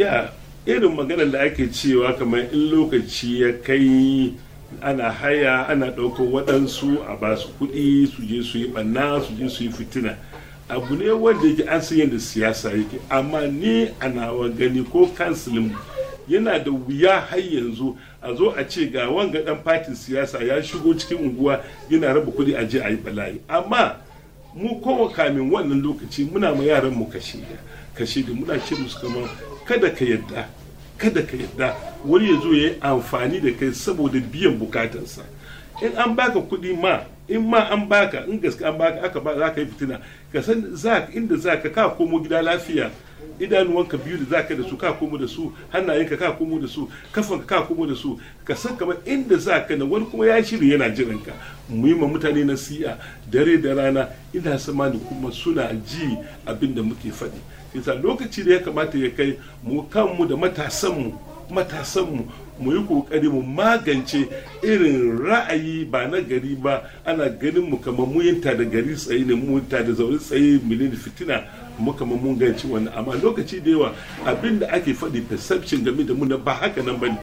ya irin maganar da ake cewa kamar in lokaci ya kai ana haya ana ɗaukar waɗansu a ba su kuɗi su je su yi ɓanna su je su yi fitina abu ne wanda yake an san yadda siyasa yake amma ni a nawa gani ko kansilin yana da wuya har yanzu a zo a ce ga wanga dan fatin siyasa ya shigo cikin unguwa yana raba kuɗi a je a yi bala'i amma mu kowa kamin wannan lokaci muna ma yaran mu kashe da kashe da muna ce musu kamar kada ka yadda kada ka yadda wani ya zo ya yi amfani da kai saboda biyan bukatarsa in an baka kuɗi ma in ma an baka in gaske an baka aka ba za ka yi fitina ka san za inda za ka ka komo gida lafiya idanuwanka biyu da za ka da su ka komo da su hannayenka ka komo da su kafan ka komo da su ka san kamar inda za ka na wani kuma ya shiri yana jiran ka ma mutane na siya dare da rana ina sama kuma suna ji abin da muke faɗi sai lokaci da ya kamata ya kai mu kanmu da matasanmu matasanmu mu yi kokari mu magance irin ra'ayi ba na gari ba ana ganin mu kamar mu yin da gari tsaye ne mu da zaune tsaye milin fitina mu kamar mun ganci wannan amma lokaci da yawa abinda ake faɗi perception game da mu na ba haka nan bane